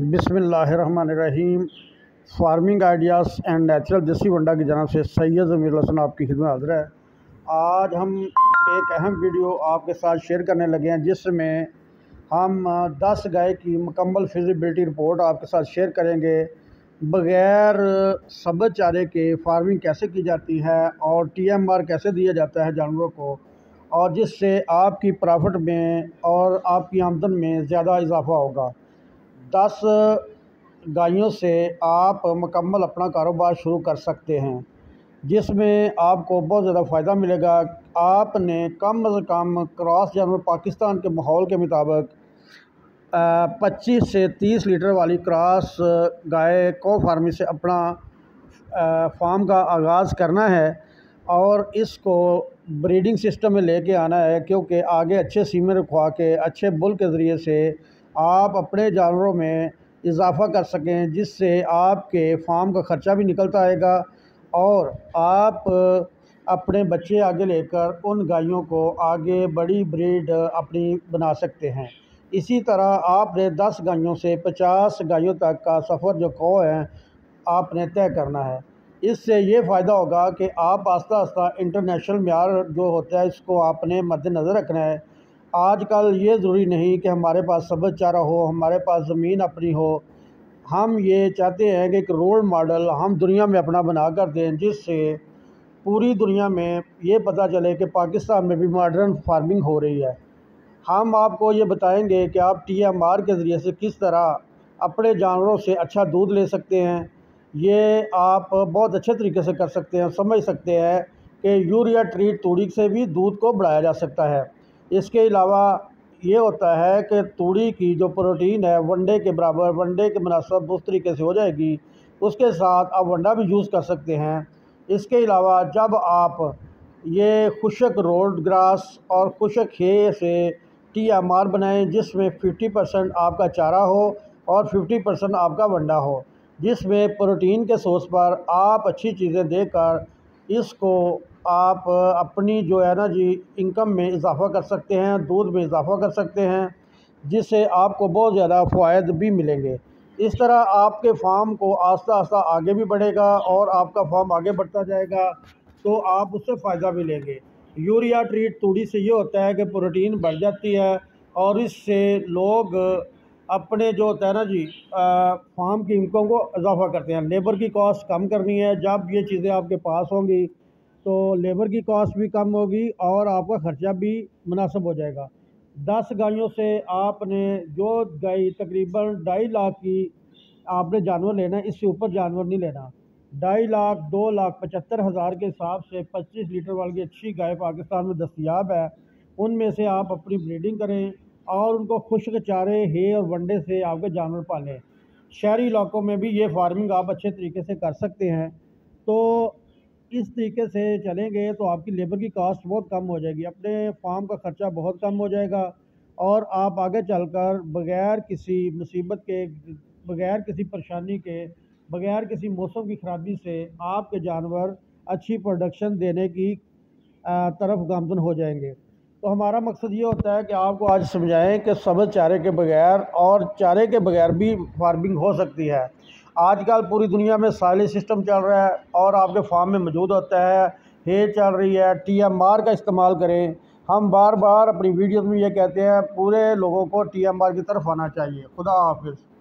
بسم اللہ الرحمن الرحیم farming ideas and natural Desi Wanda کی جناب سے سید امیر الحسن آپ کی خدمت حاضر ہے آج ہم ایک اہم ویڈیو آپ کے ساتھ شیئر کرنے لگے ہیں جس میں ہم دس گائے کی مکمل فیزیبلٹی رپورٹ آپ کے ساتھ شیئر کریں گے بغیر سبز چارے کے فارمنگ کیسے کی جاتی ہے اور ٹی ایم آر کیسے دیا جاتا ہے جانوروں کو اور جس سے آپ کی پرافٹ میں اور آپ کی آمدن میں زیادہ اضافہ ہوگا دس گائیوں سے آپ مکمل اپنا کاروبار شروع کر سکتے ہیں جس میں آپ کو بہت زیادہ فائدہ ملے گا آپ نے کم از کم کراس جانور پاکستان کے ماحول کے مطابق پچیس سے تیس لیٹر والی کراس گائے کو فارمی سے اپنا فارم کا آغاز کرنا ہے اور اس کو بریڈنگ سسٹم میں لے کے آنا ہے کیونکہ آگے اچھے سیمیں رکھوا کے اچھے بل کے ذریعے سے آپ اپنے جانوروں میں اضافہ کر سکیں جس سے آپ کے فام کا خرچہ بھی نکلتا آئے گا اور آپ اپنے بچے آگے لے کر ان گائیوں کو آگے بڑی بریڈ اپنی بنا سکتے ہیں اسی طرح آپ نے دس گائیوں سے پچاس گائیوں تک کا سفر جو کو ہے آپ نے طے کرنا ہے اس سے یہ فائدہ ہوگا کہ آپ آہستہ آہستہ انٹرنیشنل معیار جو ہوتا ہے اس کو آپ نے مد نظر رکھنا ہے آج کل یہ ضروری نہیں کہ ہمارے پاس سبز چارہ ہو ہمارے پاس زمین اپنی ہو ہم یہ چاہتے ہیں کہ ایک رول ماڈل ہم دنیا میں اپنا بنا کر دیں جس سے پوری دنیا میں یہ پتا چلے کہ پاکستان میں بھی ماڈرن فارمنگ ہو رہی ہے ہم آپ کو یہ بتائیں گے کہ آپ ٹی ایم آر کے ذریعے سے کس طرح اپنے جانوروں سے اچھا دودھ لے سکتے ہیں یہ آپ بہت اچھے طریقے سے کر سکتے ہیں سمجھ سکتے ہیں کہ یوریا ٹریٹ توڑی سے بھی دودھ کو بڑھایا جا سکتا ہے اس کے علاوہ یہ ہوتا ہے کہ توڑی کی جو پروٹین ہے ونڈے کے برابر ونڈے کے مناسب اس طریقے سے ہو جائے گی اس کے ساتھ آپ ونڈا بھی یوز کر سکتے ہیں اس کے علاوہ جب آپ یہ خشک روڈ گراس اور خوشک ہے سے ٹی آمار بنائیں جس میں ففٹی پرسنٹ آپ کا چارہ ہو اور ففٹی پرسنٹ آپ کا ونڈا ہو جس میں پروٹین کے سورس پر آپ اچھی چیزیں دے کر اس کو آپ اپنی جو ہے نا جی انکم میں اضافہ کر سکتے ہیں دودھ میں اضافہ کر سکتے ہیں جس سے آپ کو بہت زیادہ فوائد بھی ملیں گے اس طرح آپ کے فارم کو آہستہ آہستہ آگے بھی بڑھے گا اور آپ کا فارم آگے بڑھتا جائے گا تو آپ اس سے فائدہ بھی لیں گے یوریا ٹریٹ توڑی سے یہ ہوتا ہے کہ پروٹین بڑھ جاتی ہے اور اس سے لوگ اپنے جو ہوتا ہے نا جی فارم کی انکم کو اضافہ کرتے ہیں لیبر کی کاسٹ کم کرنی ہے جب یہ چیزیں آپ کے پاس ہوں گی تو لیبر کی کاسٹ بھی کم ہوگی اور آپ کا خرچہ بھی مناسب ہو جائے گا دس گائیوں سے آپ نے جو گائی تقریباً ڈھائی لاکھ کی آپ نے جانور لینا ہے اس سے اوپر جانور نہیں لینا ڈھائی لاکھ دو لاکھ پچہتر ہزار کے حساب سے پچیس لیٹر والی اچھی گائے پاکستان میں دستیاب ہے ان میں سے آپ اپنی بریڈنگ کریں اور ان کو خشک چارے ہے اور ونڈے سے آپ کے جانور پالیں شہری علاقوں میں بھی یہ فارمنگ آپ اچھے طریقے سے کر سکتے ہیں تو اس طریقے سے چلیں گے تو آپ کی لیبر کی کاسٹ بہت کم ہو جائے گی اپنے فارم کا خرچہ بہت کم ہو جائے گا اور آپ آگے چل کر بغیر کسی مصیبت کے بغیر کسی پریشانی کے بغیر کسی موسم کی خرابی سے آپ کے جانور اچھی پروڈکشن دینے کی طرف گامزن ہو جائیں گے تو ہمارا مقصد یہ ہوتا ہے کہ آپ کو آج سمجھائیں کہ سبز چارے کے بغیر اور چارے کے بغیر بھی فارمنگ ہو سکتی ہے آج کل پوری دنیا میں سائلنس سسٹم چل رہا ہے اور آپ کے فارم میں موجود ہوتا ہے ہی چل رہی ہے ٹی ایم آر کا استعمال کریں ہم بار بار اپنی ویڈیوز میں یہ کہتے ہیں پورے لوگوں کو ٹی ایم آر کی طرف آنا چاہیے خدا حافظ